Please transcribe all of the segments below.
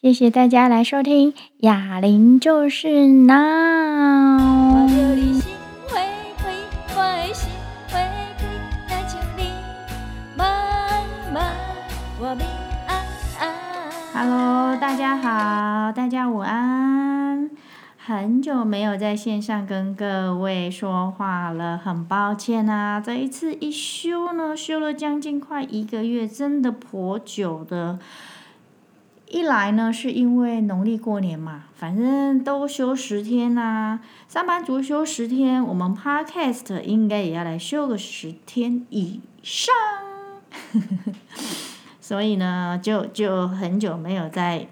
謝謝大家來收聽《啞鈴就是 Now》。我我心你 Hello，大家好，大家午安。很久沒有在線上跟各位說話了，很抱歉啊！這一次一休呢，休了將近快一個月，真的頗久的。一來呢，是因為農曆過年嘛，反正都休十天啦，啊，上班族休十天，我們 Podcast 應該也要來休個十天以上， 所以呢，就就很久沒有在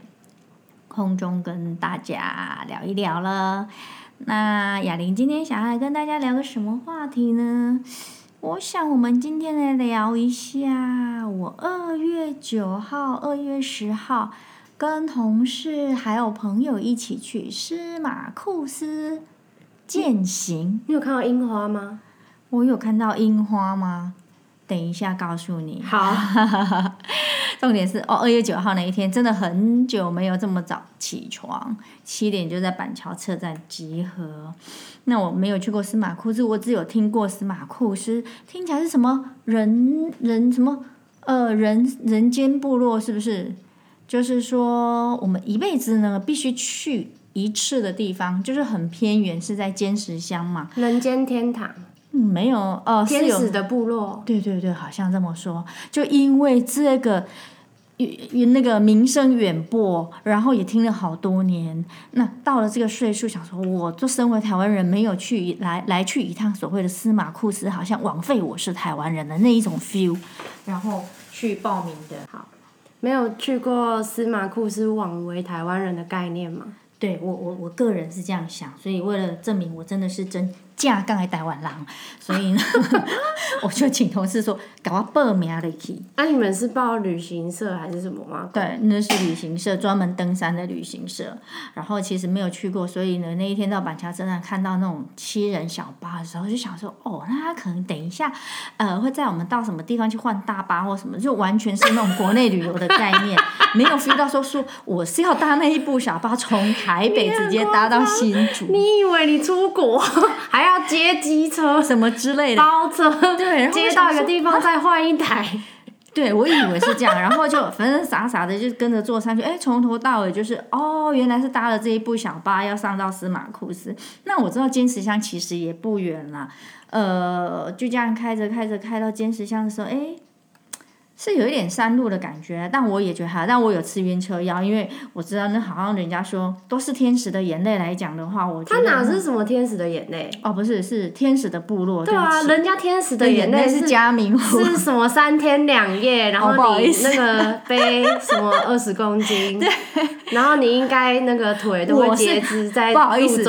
空中跟大家聊一聊了。那雅玲今天想要跟大家聊個什麼話題呢？我想，我們今天來聊一下我二月九號、二月十號跟同事還有朋友一起去司馬庫斯健行。你有看到櫻花嗎？我有看到櫻花嗎？等一下告訴你。好。 重點是哦，二月九號那一天真的很久沒有這麼早起床，七點就在板橋車站集合。那我沒有去過司馬庫斯，我只有聽過司馬庫斯，聽起來是什麼人人什麼呃人人間部落是不是？就是說我們一輩子呢必須去一次的地方，就是很偏遠，是在尖石鄉嘛，人間天堂。沒有，呃，天使的部落，對對對，好像這麼說。就因為這個，與與那個名聲遠播，然後也聽了好多年。那到了這個歲數，想說，我就身為台灣人，沒有去來來去一趟所謂的司馬庫斯，好像枉費我是台灣人的那一種 feel。然後去報名的，好，沒有去過司馬庫斯，枉為台灣人的概念嘛。對，我，我我個人是這樣想，所以為了證明我真的是真。正剛來台灣人，所以呢， 我就請同事說，趕快報名來去。那、啊、你們是報旅行社還是什麼嗎？對，那是旅行社，專門登山的旅行社。然後其實沒有去過，所以呢，那一天到板橋真的看到那種七人小巴的時候，就想說，哦，那他可能等一下，呃，會帶我們到什麼地方去換大巴或什麼，就完全是那種國內旅遊的概念， 沒有 feel 到說說我是要搭那一部小巴從台北直接搭到新竹。你，光光你以為你出國還 要接機車什麼之類的包車，對，然後接到一個地方再換一台。對我以為是這樣，然後就反正傻傻的就跟着坐上去，哎、欸，從頭到尾就是，哦，原來是搭了這一部小巴要上到司馬庫斯，那我知道尖石鄉其實也不遠了，呃，就這樣開着開着開到尖石鄉的時候，哎、欸。是有一點山路的感覺，但我也覺得哈，但我有吃暈車藥，因為我知道那好像人家說都是天使的眼淚來講的話，我覺得他哪是什麼天使的眼淚？哦，不是，是天使的部落。對啊，人家天使的眼淚是嘉明湖是，是什麼三天兩夜， 然後你那個背什麼二十公斤， 對 然後你應該那個腿都會截肢在途中。不好意思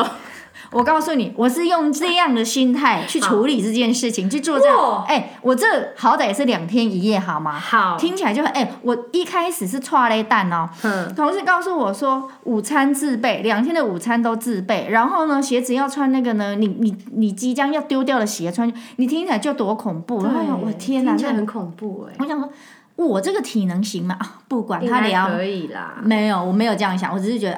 我告訴你，我是用這樣的心態去處理這件事情，啊、去做這樣。哎、哦欸，我這好歹也是兩天一夜，好嗎？好，聽起來就很哎、欸。我一開始是剉咧等哦、喔，呵同事告訴我說，午餐自備，兩天的午餐都自備。然後呢，鞋子要穿那個呢，你你你即將要丟掉的鞋穿，你聽起來就多恐怖！哎呀對，我、喔、天哪，聽起來很恐怖哎、欸。我想說，我這個體能行嗎？啊，不管他聊可以啦，沒有，我沒有這樣想，我只是覺得。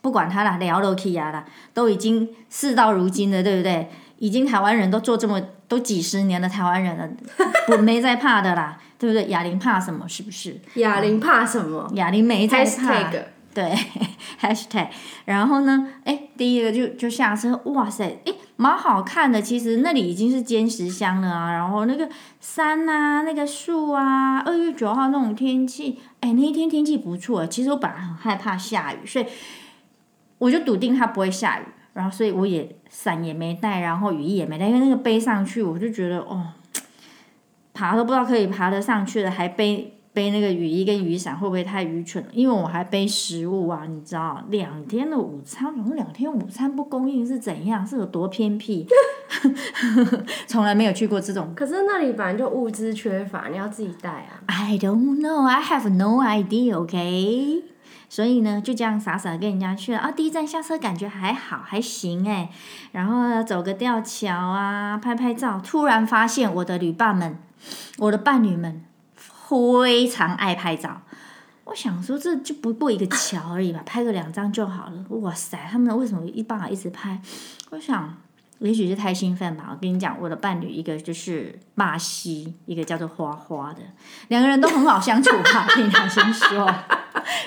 不管他了，聊都去呀了啦，都已經事到如今了，對不對？已經台灣人都做這麼都幾十年的台灣人了，我 沒在怕的啦，對不對？啞鈴怕什麼？是不是？啞鈴怕什麼？啞鈴沒在怕。Hashtag 對 ，Hashtag。然後呢？哎，第一個就就下車，哇塞，哎，蠻好看的。其實那裡已經是尖石鄉了啊。然後那個山啊，那個樹啊，二月九號那種天氣，哎，那一天天氣不錯啊。其實我本來很害怕下雨，所以。我就篤定它不會下雨，然後所以我也傘也沒帶，然後雨衣也沒帶，因為那個背上去我就覺得哦，爬都不知道可以爬得上去了，還背背那個雨衣跟雨傘會不會太愚蠢了？因為我還背食物啊，你知道兩天的午餐，我們兩天午餐不供應是怎樣，是有多偏僻，從 來沒有去過這種。可是那裡反正就物資缺乏，你要自己帶啊。I don't know, I have no idea, okay. 所以呢，就這樣傻傻跟人家去了啊。第一站下車感覺還好，還行誒。然後呢，走個吊橋啊，拍拍照。突然發現我的旅伴們，我的伴侶們非常愛拍照。我想說這就不過一個橋而已吧，啊、拍個兩張就好了。哇塞，他們為什麼一幫啊一直拍？我想。我也許是太興奮吧。我跟你講，我的伴侶一個就是巴西，一個叫做花花的，兩個人都很好相處，啊。哈，聽我先說，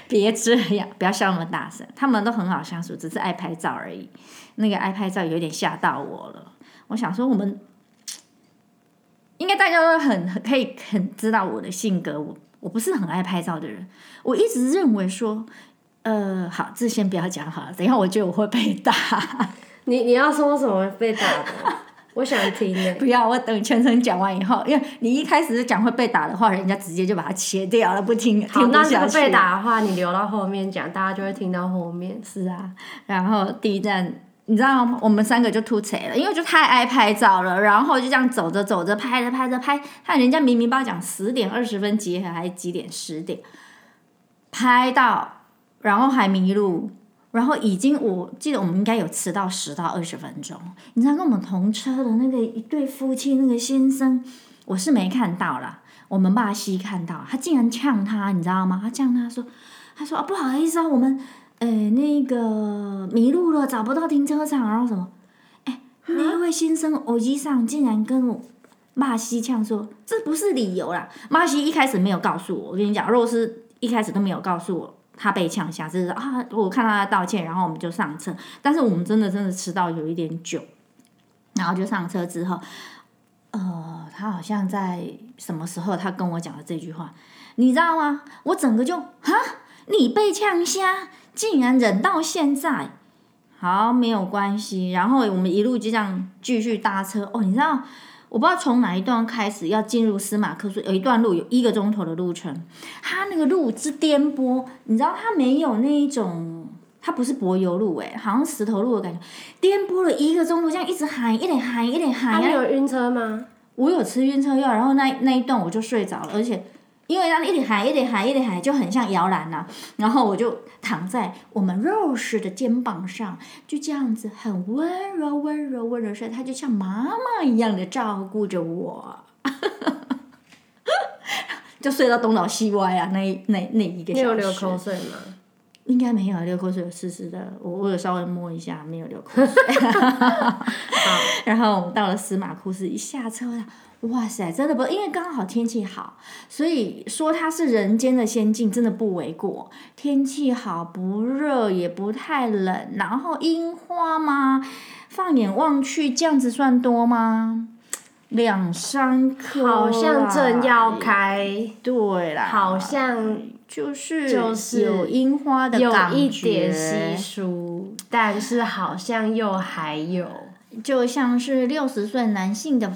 別 這樣，不要笑那麼大聲。他們都很好相處，只是愛拍照而已。那個愛拍照有點嚇到我了。我想說，我們應該大家都很可以很知道我的性格。我我不是很愛拍照的人。我一直認為說，呃，好，這先不要講好了。等一下，我覺得我會被打。你你要說什麼被打的？ 我想聽的、欸。不要，我等全程講完以後，因為你一開始講會被打的話，人家直接就把它切掉了，不聽，好，聽不下去。那這被打的話，你留到後面講，大家就會聽到後面。 是啊，然後第一站，你知道我們三個就突扯了，因為就太愛拍照了，然後就這樣走着走着拍着拍着拍，看人家明明幫我講十點二十分集合，還是幾點十點，拍到然後還迷路。然後已經，我記得我們應該有遲到十到二十分鐘。你知道跟我們同車的那個一對夫妻，那個先生，我是沒看到啦，我們馬西看到他竟然嗆他，你知道嗎？他嗆他說，他說啊不好意思啊，我們呃那個迷路了，找不到停車場，然後什麼？哎，那位先生耳機上竟然跟我馬西嗆說，這不是理由啦。馬西一開始沒有告訴我，我跟你講，若是，一開始都沒有告訴我。他被嗆下，就是啊，我看到他道歉，然後我們就上車。但是我們真的真的遲到有一點久，然後就上車之後，呃，他好像在什麼時候他跟我講了這句話，你知道嗎？我整個就啊，你被嗆下，竟然忍到現在，好，沒有關係。然後我們一路就這樣繼續搭車哦，你知道。我不知道從哪一段開始，要進入司馬庫斯有一段路，有一個鐘頭的路程，它那個路之顛簸，你知道它沒有那一種，它不是柏油路哎，欸，好像石頭路的感覺，顛簸了一個鐘頭，這樣一直喊，一直喊，一直喊。你有暈車嗎？我有吃暈車藥，然後那那一段我就睡着了，而且。因為他一點海，一點海，一點海，就很像搖籃吶。然後我就躺在我們肉食的肩膀上，就這樣子很溫柔、溫柔、溫柔睡。他就像媽媽一樣的照顧着我， 就睡到東倒西歪啊。那那那一個小時。沒有流口水了，應該沒有流口水，濕濕的。我我有稍微摸一下，沒有流口水。 好然後我們到了司馬庫斯一下車。哇塞，真的不因為剛好天氣好，所以說它是人間的仙境，真的不為過。天氣好，不熱也不太冷，然後櫻花嗎？放眼望去，這樣子算多嗎？兩三顆、啊，好像正要開，對啦，好像、就是、就是有櫻花的感覺，有一點稀疏，但是好像又還有，就像是六十歲男性的。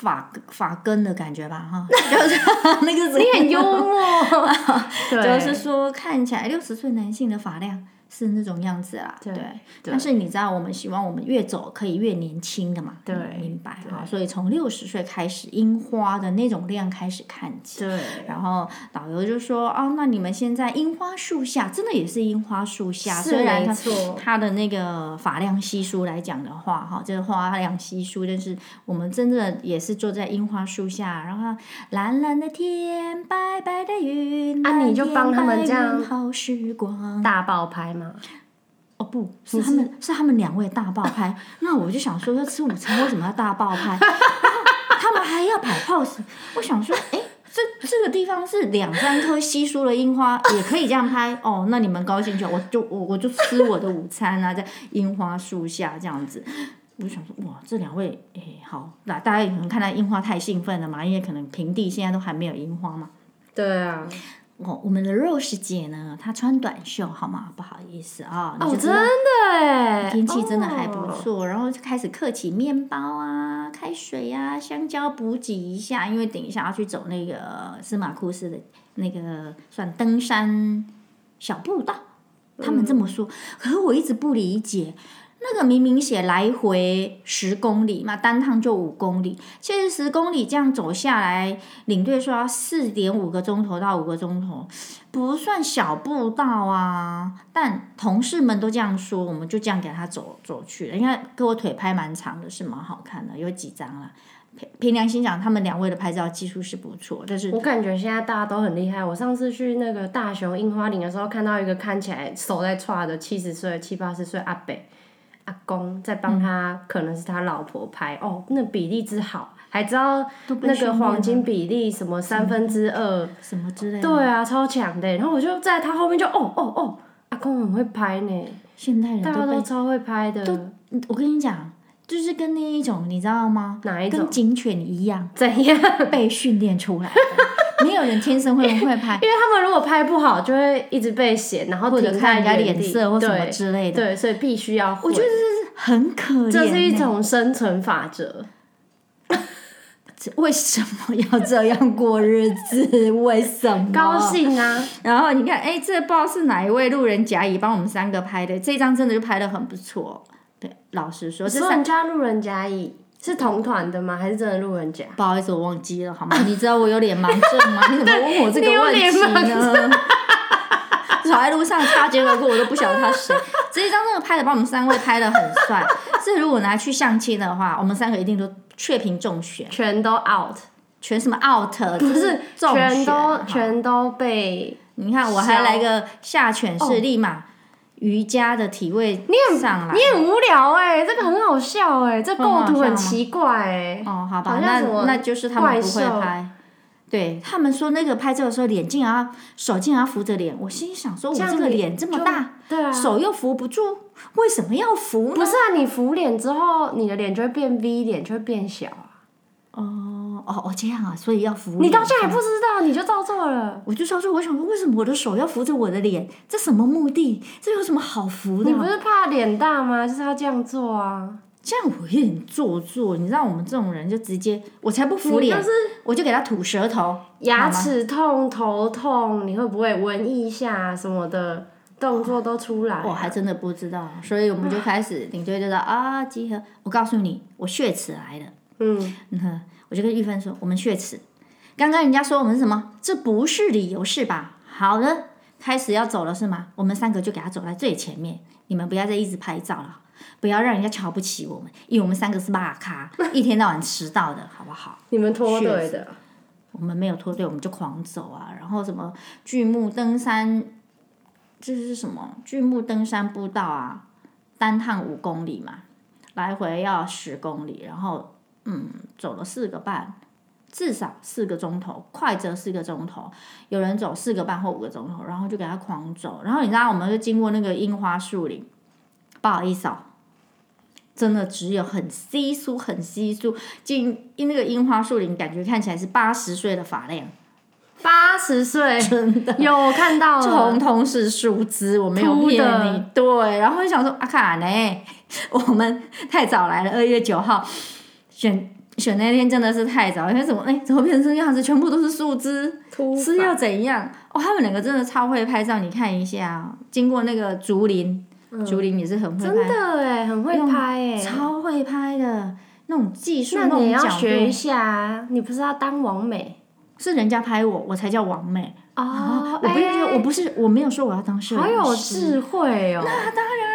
髮髮根的感覺吧，哈，就是那個你很幽默， 就是說看起來六十歲男性的髮量。是那種樣子啦，對。對但是你知道，我們希望我們越走可以越年輕的嘛，對，明白對所以從六十歲開始，櫻花的那種量開始看起。對。然後導遊就說：“啊、哦，那你們現在櫻花樹下，真的也是櫻花樹下，是雖然他,沒錯他的那個髮量稀疏來講的話，哈，就是花量稀疏，但是我們真的也是坐在櫻花樹下。然後藍藍的天，白白的雲，那、啊、你就幫他們這樣大爆拍。哦，不是他們是,是,是他們兩位大爆拍，那我就想說要吃午餐，為什麼要大爆拍？ 啊、他們還要擺 pose。我想說，哎、欸，這這個地方是兩三棵稀疏的櫻花，也可以這樣拍哦。那你們高興就好，我就我我就吃我的午餐啊，在櫻花樹下這樣子。我想說，哇，這兩位，哎、欸，好，那大家也可能看到櫻花太興奮了嘛？因為可能平地現在都還沒有櫻花嘛。對啊。我、哦、我們的 Rose 姐呢，她穿短袖，好嗎？不好意思啊，哦，你哦，真的誒，天氣真的還不錯，哦、然後就開始刻起麵包啊、開水啊、香蕉補給一下，因為等一下要去走那個司馬庫斯的那個算登山小步道，嗯、他們這麼說，可我一直不理解。那個明明寫來回十公里嘛，單趟就五公里。其實十公里這樣走下來，領隊說要四點五個鐘頭到五個鐘頭，不算小步道啊。但同事們都這樣說，我們就這樣給他走走去了。應該跟我腿拍蠻長的，是蠻好看的，有幾張了、啊。憑良心講，他們兩位的拍照技術是不錯。但、就是我感覺現在大家都很厲害。我上次去那個大熊櫻花林的時候，看到一個看起來手在踹的七十歲七八十歲阿北。阿公在幫他，嗯、可能是他老婆拍哦，那比例之好，還知道那個黃金比例什麼三分之二什麼之類的，對啊，超強的。然後我就在他後面就哦哦哦，阿公很會拍呢，現代人都，大家都超會拍的。都我跟你講，就是跟那一種你知道嗎？哪一種？跟警犬一樣，怎樣被訓練出來的 沒有人天生會不會拍因，因為他們如果拍不好，就會一直被嫌，然後或者看人家臉色或什麼之類的。對，對，所以必須要。我覺得這是很可這是一種生存法則。法則 為什麼要這樣過日子？ 為什麼？高興啊！然後你看，哎，這不知道是哪一位路人甲乙幫我們三個拍的？這張真的就拍得很不錯。對，老實說，是哪家路人甲乙。是同團的嗎？還是真的路人甲？不好意思，我忘記了，好嗎？你知道我有臉盲症嗎？你怎麼問我這個問題呢？走在路上擦肩而過，我都不曉得他誰。這一張那個拍得，把我們三位拍得很帥。是如果拿去相親的話，我們三個一定都雀屏中選，全都 out，全什麼 out，就是中選，全都全都被。你看，我還來個下犬式，立馬。瑜伽的體位上了，你很無聊哎、欸，這個很好笑哎、欸，這個、構圖很奇怪哎、欸。哦，好吧，好，那那就是他們不會拍。對他們說那個拍照的時候臉，臉竟然手竟然扶着臉，我心想說，我這個臉這麼大，對啊、手又扶不住，為什麼要扶呢？不是啊，你扶臉之後，你的臉就會變 V 臉，就會變小啊。哦。哦哦，這樣啊，所以要扶你到這兒也不知道，你就照做了。我就照做，我想說，為什麼我的手要扶着我的臉？這什麼目的？這有什麼好扶的？你不是怕臉大嗎？就是要這樣做啊！這樣我也很做作。你知道我們這種人就直接，我才不扶臉，是，你是我就給他吐舌頭，牙齒痛、頭痛，你會不會聞一下什麼的動作都出來、啊？我、哦、還真的不知道，所以我們就開始領隊就說啊，集合！我告訴你，我血池來了。嗯，嗯呵。我就跟玉芬說：“我們雪恥，剛剛人家說我們什麼？這不是理由是吧？好的，開始要走了是嗎？我們三個就給他走在最前面，你們不要再一直拍照了，不要讓人家瞧不起我們，因為我們三個是罵咖， 一天到晚遲到的，好不好？你們拖隊的，我們沒有拖隊，我們就狂走啊！然後什麼巨木登山，這、就是什麼巨木登山步道啊？單趟五公里嘛，來回要十公里，然後。”嗯，走了四個半，至少四個鐘頭，快則四個鐘頭，有人走四個半或五個鐘頭，然後就給他狂走。然後你知道，我們就經過那個櫻花樹林，不好意思哦，真的只有很稀疏，很稀疏。進那個櫻花樹林，感覺看起來是八十歲的髮量，八十歲 真的有看到了，紅通是樹枝，我沒有騙你。的對，然後就想說，阿、啊、卡呢？我們太早來了，二月九號。選選那天真的是太早了，因為怎麼哎、欸，怎麼變成這樣子？全部都是樹枝，是發要怎樣？哦，他們兩個真的超會拍照，你看一下，經過那個竹林，嗯、竹林也是很會拍的，真的哎，很會拍哎，超會拍的那種技術，那你要學一下，你不是要當王美？是人家拍我，我才叫王美哦，我不用，欸、我不是，我沒有說我要當攝影師，好有智慧哦，那當然。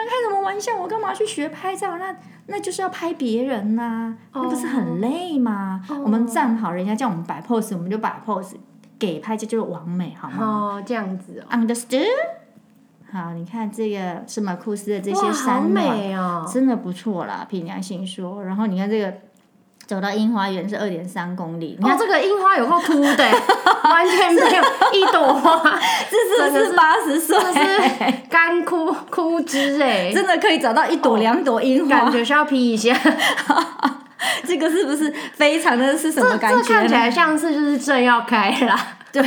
你像我幹嘛去學拍照？那那就是要拍別人吶、啊，oh. 那不是很累嗎？Oh. 我們站好，人家叫我們擺 pose，我們就擺 pose，給拍就就是完美好嗎？哦，oh, 這樣子、哦，understood。好，你看這個司馬庫斯的這些山，好美哦，真的不錯啦，憑良心說。然後你看這個。走到櫻花園是二點三公里，你看、哦、這個櫻花有夠枯的， 完全沒有一朵花， 這是不是八十歲？乾枯枯枝哎，真的可以找到一朵兩朵櫻花，哦，感覺需要劈一下。 這個是不是非常的是什麼感覺？這看起來像是就是正要開了，對。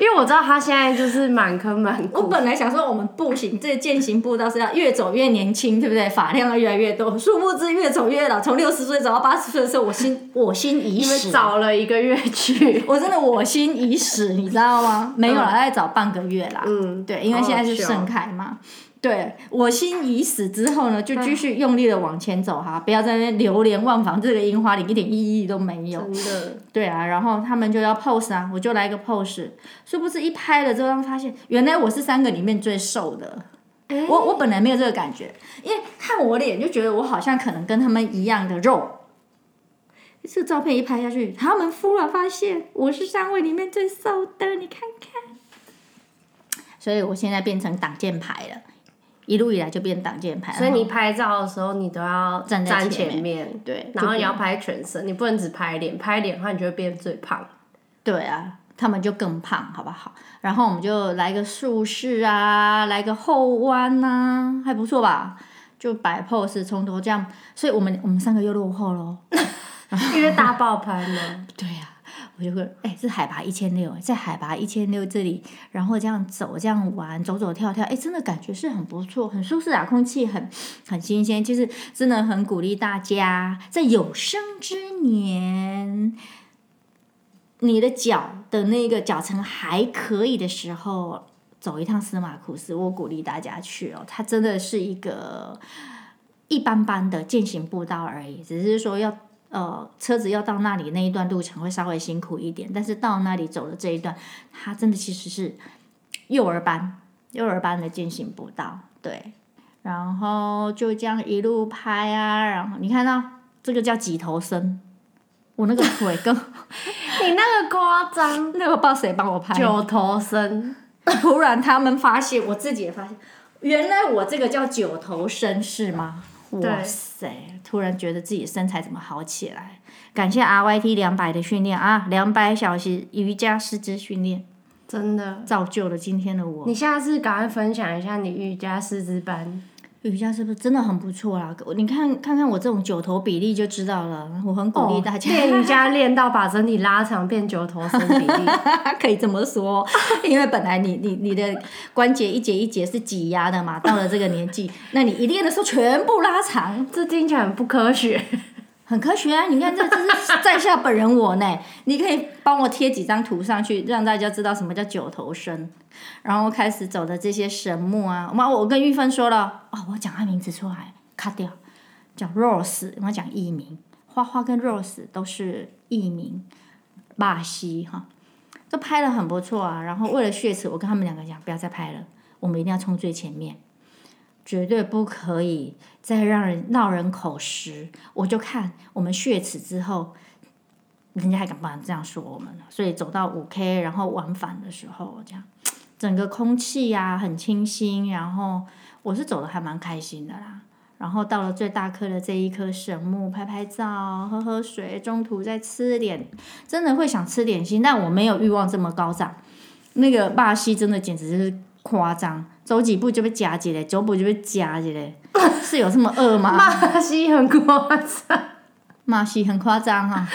因為我知道他現在就是滿坑滿谷。我本來想說我們步行，這個、健行步道是要越走越年輕，對不對？髮量越來越多。殊不知越走越老，從六十歲走到八十歲的時候，我心我心已死。因為找了一個月去， 我真的我心已死，你知道嗎？沒有了，嗯、再找半個月啦。嗯，對，因為現在是盛開嘛。哦對，我心已死之後呢，就繼續用力的往前走哈，對不要在那邊流連忘返，這個櫻花林一點意義都沒有。的對啊，然後他們就要 pose 啊，我就來一個 pose。是不是一拍了之後，發現原來我是三個裡面最瘦的。欸、我我本來沒有這個感覺，因為看我臉就覺得我好像可能跟他們一樣的肉。這照片一拍下去，他們忽然發現我是三位裡面最瘦的，你看看。所以我現在變成擋箭牌了。一路以來就變擋箭牌，所以你拍照的時候，你都要站在前面，前面對，然後你要拍全身，你不能只拍臉，拍臉的話你就會變最胖，對啊，他們就更胖，好不好？然後我們就來個豎式啊，來個後彎吶、啊，還不錯吧？就擺 pose，從頭這樣，所以我們我們三個又落後了 因為大爆拍了。 對呀、啊。我就會，哎、欸，是海拔一千六，在海拔一千六這裡，然後這樣走這樣玩，走走跳跳，哎、欸，真的感覺是很不錯，很舒適啊，空氣很很新鮮，就是真的很鼓勵大家，在有生之年，你的腳的那個腳程還可以的時候，走一趟司馬庫斯，我鼓勵大家去哦，它真的是一個一般般的健行步道而已，只是說要。呃，車子要到那裡那一段路程會稍微辛苦一點，但是到那裡走的這一段，它真的其實是幼兒班幼兒班的進行步道，對。然後就這樣一路拍啊，然後你看到這個叫幾頭身，我那個腿更， 你那個誇張，那我不知道誰幫我拍九頭身？突 然他們發現，我自己也發現，原來我這個叫九頭身是嗎？對。哇塞！突然覺得自己身材怎麼好起來？感謝 R Y T 兩百的訓練啊，兩百小時瑜伽師資訓練，真的造就了今天的我。你下次趕快分享一下你瑜伽師資班。瑜伽是不是真的很不錯啦？你看看看我這種九頭比例就知道了。我很鼓勵大家、哦、練瑜伽，練到把整體拉長變九頭身比例， 可以這麼說。因為本來你你你的關節一節一節是擠壓的嘛， 到了這個年紀，那你一練的時候全部拉長， 這聽起來很不科學。很科學啊！你看這這是在下本人我呢， 你可以幫我貼幾張圖上去，讓大家知道什麼叫九頭身，然後開始走的這些神木啊。媽，我跟玉芬說了，哦，我講他名字出來卡掉，叫 Rose。我要講藝名，花花跟 Rose 都是藝名，巴西哈，這拍得很不錯啊。然後為了血池，我跟他們兩個講不要再拍了，我們一定要衝最前面。絕對不可以再讓人鬧人口實，我就看我們雪恥之後，人家還敢不敢這樣說我們，所以走到五 K 然後往返的時候，這樣整個空氣呀、啊、很清新，然後我是走得還蠻開心的啦。然後到了最大棵的這一棵神木，拍拍照、喝喝水，中途再吃點，真的會想吃點心，但我沒有欲望這麼高漲。那個巴西真的簡直是。誇張，走幾步就被夾起來，走步就被夾起來，是有這麼二嗎？ 馬西很誇張。 馬戲很誇張哈。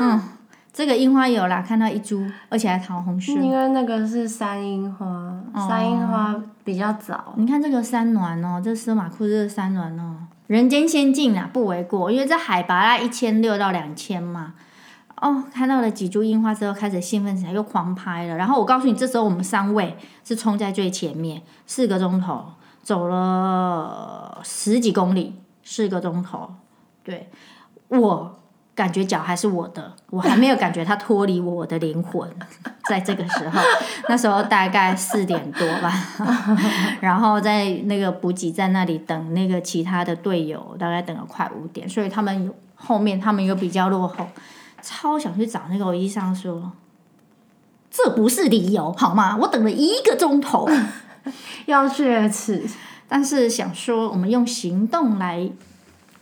嗯，這個櫻花有啦，看到一株，而且還桃紅。因為那個是山櫻花，山櫻花比較早，嗯。你看這個山巒哦、喔，這司馬庫斯這山巒哦、喔，人間仙境啦，不為過，因為這海拔啊一千六到兩千嘛。哦，oh, 看到了幾株櫻花之後，開始興奮起來，又狂拍了。然後我告訴你，這時候我們三位是衝在最前面，四個鐘頭走了十幾公里，四個鐘頭，對我感覺腳還是我的，我還沒有感覺他脫離我的靈魂，在這個時候， 那時候大概四點多吧， 然後在那個補給站那裡等那個其他的隊友，大概等了快五點，所以他們有後面他們又比較落後。超想去找那個醫生說，這不是理由好嗎？我等了一個鐘頭 要去吃實，但是想說我們用行動來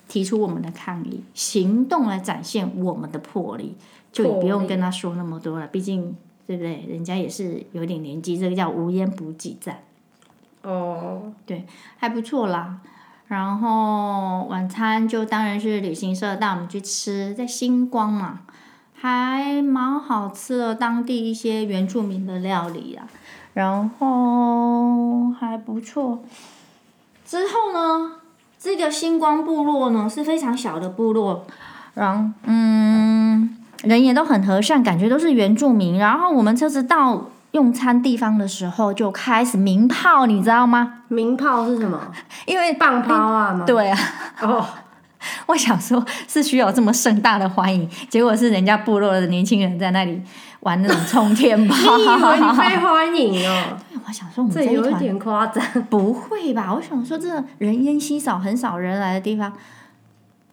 提出我們的抗議，行動來展現我們的魄力，就也不用跟他說那麼多了。力畢竟，對不對？人家也是有點年紀，這個叫無煙補給站。哦，對，還不錯啦。然後晚餐，就當然是旅行社帶我們去吃，在星光嘛，還蠻好吃的，當地一些原住民的料理啊，然後還不錯。之後呢，這個星光部落呢，是非常小的部落，然後嗯，人也都很和善，感覺都是原住民。然後我們車子到。用餐地方的時候就開始鳴炮，你知道嗎？鳴炮是什麼？因為放炮啊嘛。對啊。哦，oh. 我想說，是需要這麼盛大的歡迎，結果是人家部落的年輕人在那裡玩那種沖天炮， 你以為你被歡迎哦、喔？對，我想說我們這，這有點誇張，不會吧？我想說，這人煙稀少，很少人來的地方，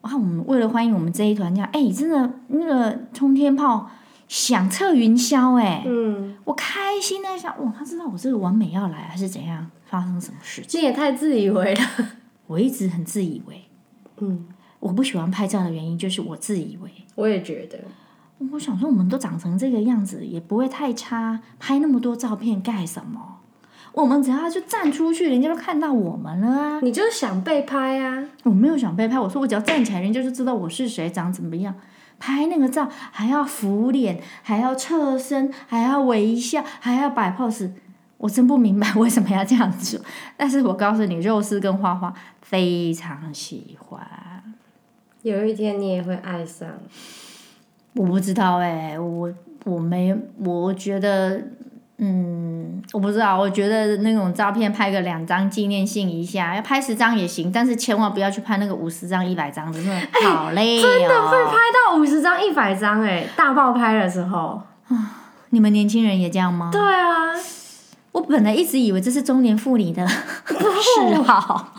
哇、啊，我們為了歡迎我們這一團，這樣哎、欸，真的那個沖天炮。響徹雲霄哎、欸。嗯，我開心的想，哇，他知道我這個完美要來還是怎樣？發生什麼事情？這也太自以為了。我一直很自以為，嗯，我不喜歡拍照的原因就是我自以為。我也覺得，我想說，我們都長成這個樣子，也不會太差，拍那麼多照片幹什麼？我們只要就站出去，人家就看到我們了啊！你就是想被拍啊？我沒有想被拍，我說我只要站起來，人家就知道我是誰，長怎麼樣。拍那個照還要扶臉，還要側身，還要微笑，還要擺 pose。我真不明白為什麼要這樣做。但是我告訴你，肉絲跟花花非常喜歡。有一天你也會愛上。我不知道誒、欸，我我沒我覺得。嗯，我不知道，我覺得那種照片拍個兩張紀念性一下，要拍十張也行，但是千萬不要去拍那個五十張、一百張，那種、欸、好累、哦、真的會拍到五十張、一百張、欸，哎，大爆拍的時候。你們年輕人也這樣嗎？對啊，我本來一直以為這是中年婦女的嗜好，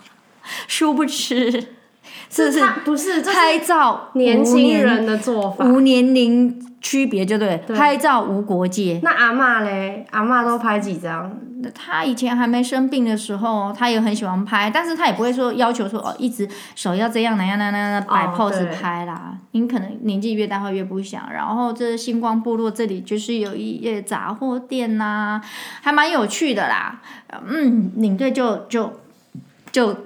輸 不吃遲這是不是拍照是年輕人的做法，無年齡。區別就對，對拍照無國界。那阿嬤嘞？阿嬤都拍幾張？那她以前還沒生病的時候，她也很喜歡拍，但是她也不會說要求說哦，一直手要這樣那樣那樣那樣擺 pose 拍啦。你、哦、可能年紀越大會越不想。然後這星光部落這裡就是有一些雜貨店吶、啊，還蠻有趣的啦。嗯，領隊就就就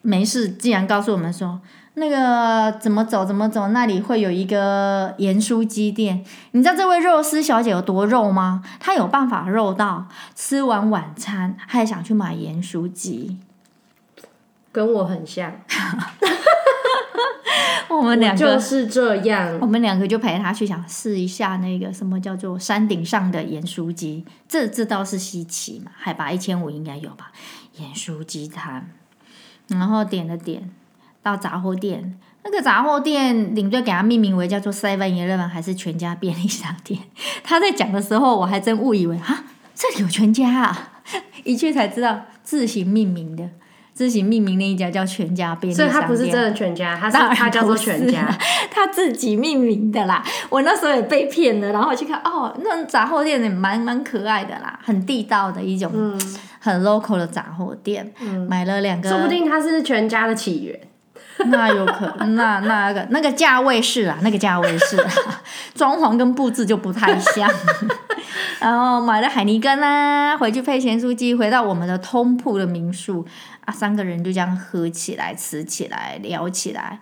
沒事，竟然告訴我們說。那個怎麼走？怎麼走？那裡會有一個鹽酥雞店。你知道這位肉絲小姐有多肉嗎？她有辦法肉到吃完晚餐還想去買鹽酥雞，跟我很像。 我們兩個就是這樣，我們兩個就陪她去想試一下那個什麼叫做山頂上的鹽酥雞。這這倒是稀奇嘛，海拔一千五應該有吧？鹽酥雞攤，然後點了點。到雜貨店，那個雜貨店領隊給他命名為叫做 Seven Eleven 還是全家便利商店？他在講的時候，我還真誤以為啊，這裡有全家啊，一去才知道自行命名的，自行命名那一家叫全家便利商店。所以他不是真的全家，他當然他叫做全家， 他自己命名的啦。我那時候也被騙了，然後我去看哦，那雜貨店也蠻蠻可愛的啦，很地道的一種很 local 的雜貨店。嗯，買了兩個，說不定它是全家的起源。 那有可，那那個那個價位是啊，那個價位是啊，裝潢跟布置就不太像， 然後買了海尼根啦、啊，回去配鹹酥雞，回到我們的通鋪的民宿啊，三個人就這樣喝起來、吃起來、聊起來，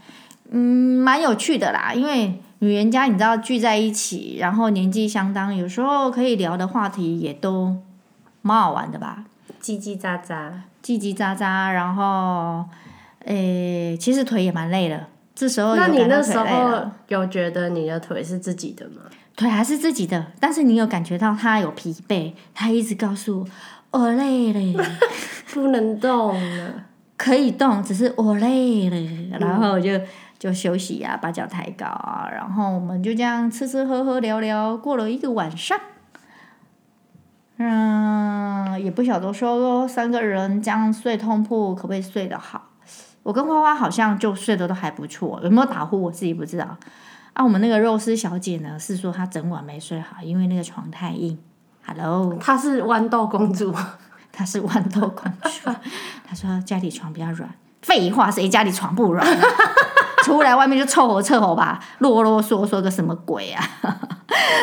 嗯，蠻有趣的啦，因為女人家你知道聚在一起，然後年紀相當，有時候可以聊的話題也都蠻好玩的吧，嘰嘰喳喳喳，嘰嘰喳喳，然後。誒、欸，其實腿也蠻累的。這時候有感到累了，那你那時候有覺得你的腿是自己的嗎？腿還是自己的，但是你有感覺到他有疲憊，他一直告訴我我、哦、累了， 不能動了、啊。 可以動，只是我、哦、累了。嗯、然後就就休息啊，把腳抬高啊，然後我們就這樣吃吃喝喝聊聊，過了一個晚上。嗯，也不曉得說三個人這樣睡通鋪可不可以睡得好？我跟花花好像就睡得都還不錯，有沒有打呼？我自己不知道。啊，我們那個肉絲小姐呢，是說她整晚沒睡好，因為那個床太硬。Hello，她是豌豆公主，她是豌豆公主。 她說家裡床比較軟，廢話，是誰、欸、家裡床不軟？ 出來外面就湊合湊合吧，囉囉嗦嗦個什麼鬼啊？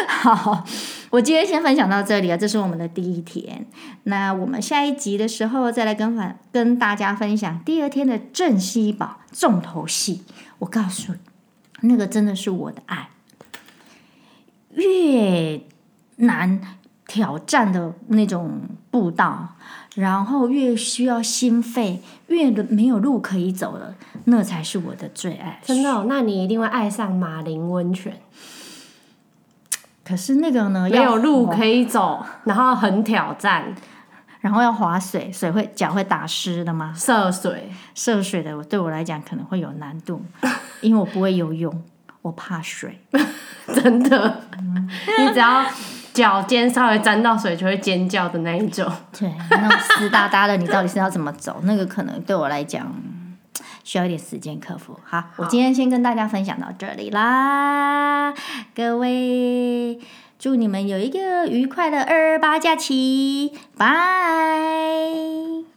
哈 好。我今天先分享到這裡啊，這是我們的第一天。那我們下一集的時候再來跟反跟大家分享第二天的鎮西堡重頭戲。我告訴你，那個真的是我的愛，越難挑戰的那種步道，然後越需要心肺，越沒有路可以走了，那才是我的最愛。真的，那你一定會愛上馬林溫泉。可是那個呢，要有路可以走，滑然後很挑戰，然後要划水，水會，腳會打濕的嗎？涉水，涉水的對我來講可能會有難度， 因為我不會游泳，我怕水， 真的，嗯、你只要腳尖稍微沾到水就會尖叫的那一種。 對，那濕噠噠的，你到底是要怎麼走？那個可能對我來講，需要一點時間克服。好，我今天先跟大家分享到這裡啦，好各位，祝你們有一個愉快的二二八假期，拜。